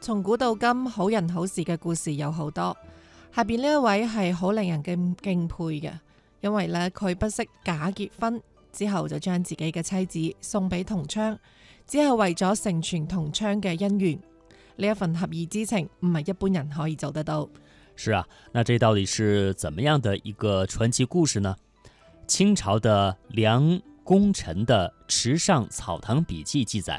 從古到今，好人好事嘅故事有好多。下邊呢一位係好令人敬佩嘅，因為呢，佢不惜假結婚，之後就將自己嘅妻子送俾同窗，只係為咗成全同窗嘅姻緣。呢一份俠義之情，唔係一般人可以做得到。是啊，那這到底是怎麼樣的一個傳奇故事呢？清朝的梁功臣的《池上草堂筆記》記載。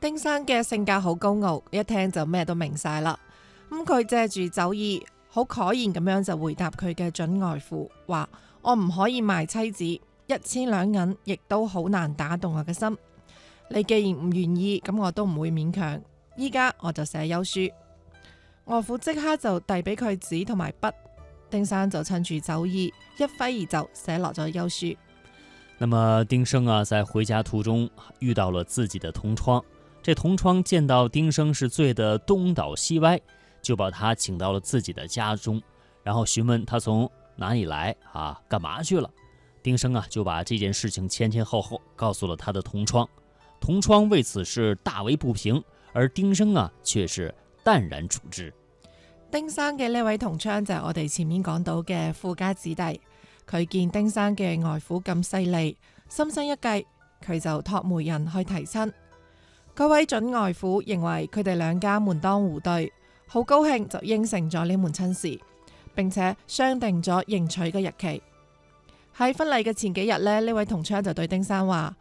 丁生嘅性格好高傲，一聽就咩都明晒啦。咁佢借住酒意，好可言咁樣就回答佢嘅準外父，話，我唔可以賣妻子，一千兩銀亦都好難打動我嘅心。你既然唔願意，咁我都唔會勉強。依家我就寫休書。外父即刻就遞俾佢紙同埋筆，丁生就趁住酒意一揮而就寫落咗休書。那麼丁生啊，在回家途中遇到了自己的同窗。這同窗見到丁生是醉得東倒西歪，就把他請到了自己的家中，然後詢問他從哪裏來啊，幹嘛去了。丁生啊就把這件事情前前後後告訴了他的同窗，同窗為此事大為不平，而丁生啊卻是淡然處之。丁生嘅呢位同窗就係我哋前面講到嘅富家子弟，佢見丁生嘅外父咁勢利，心生一計，佢就託媒人去提親。嗰位準外父認為佢哋兩家門當戶對，好高興就應承咗呢門親事，並且商定咗迎娶嘅日期。喺婚禮嘅前幾日呢，呢位同窗就對丁生話：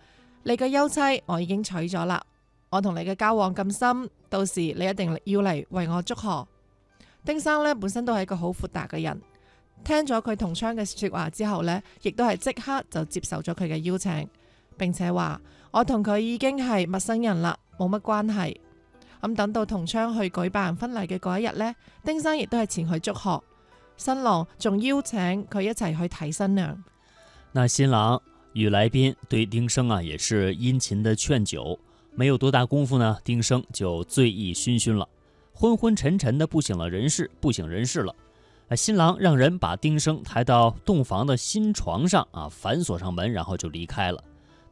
你嘅休妻我已經娶咗啦，我同你嘅交往咁深，到時你一定要嚟爲我祝賀。丁生呢本身都係一個好豁達嘅人，聽咗佢同窗嘅說話之後呢，亦都係即刻就接受咗佢嘅邀請，並且話：我同佢已經係陌生人啦。冇乜關係，咁、嗯、等到同窗去舉辦婚禮嘅嗰一日呢，丁生亦都係前去祝賀，新郎仲邀請佢一齊去睇新娘。那新郎與來賓對丁生啊，也是殷勤的勸酒，沒有多大功夫呢，丁生就醉意醺醺了，昏昏沉沉的不省了人事，不省人事了。新郎讓人把丁生抬到洞房的新床上啊，反鎖上門，然後就離開了。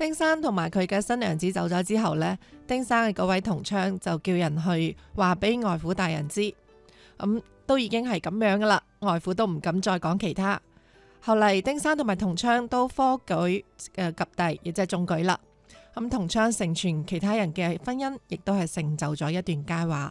丁生同埋佢嘅新娘子走咗之後呢，丁生嘅嗰位同窗就叫人去話俾外父大人知，咁、嗯、都已經係咁樣噶啦，外父都唔敢再講其他。後嚟丁生同埋同窗都科舉、呃、及第，亦即係中舉啦。咁、嗯、同窗成全其他人嘅婚姻，亦都係成就咗一段佳話。